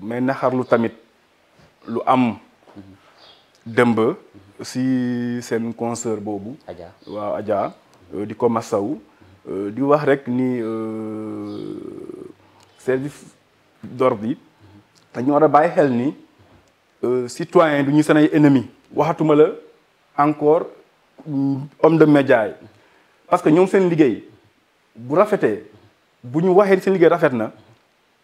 mais naxarlu tamit lu am dembe si sen concert bobu aja Adja euh, di ko massaw euh, di wax rek ni euh, service d'ordre ta dañu war xel ni citoyen duñu sene ennemi waxatuma la encore homme de médias parce que ñom sen liguey bu rafété buñu waxé sen liguey rafetna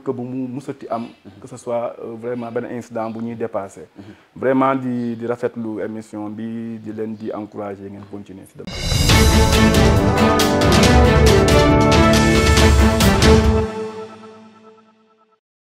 pour que mhm. que ce soit euh, vraiment un incident pour nous dépasser. Mhm. vraiment di di rafetlu émission bi di leen encouragé ngeen continuer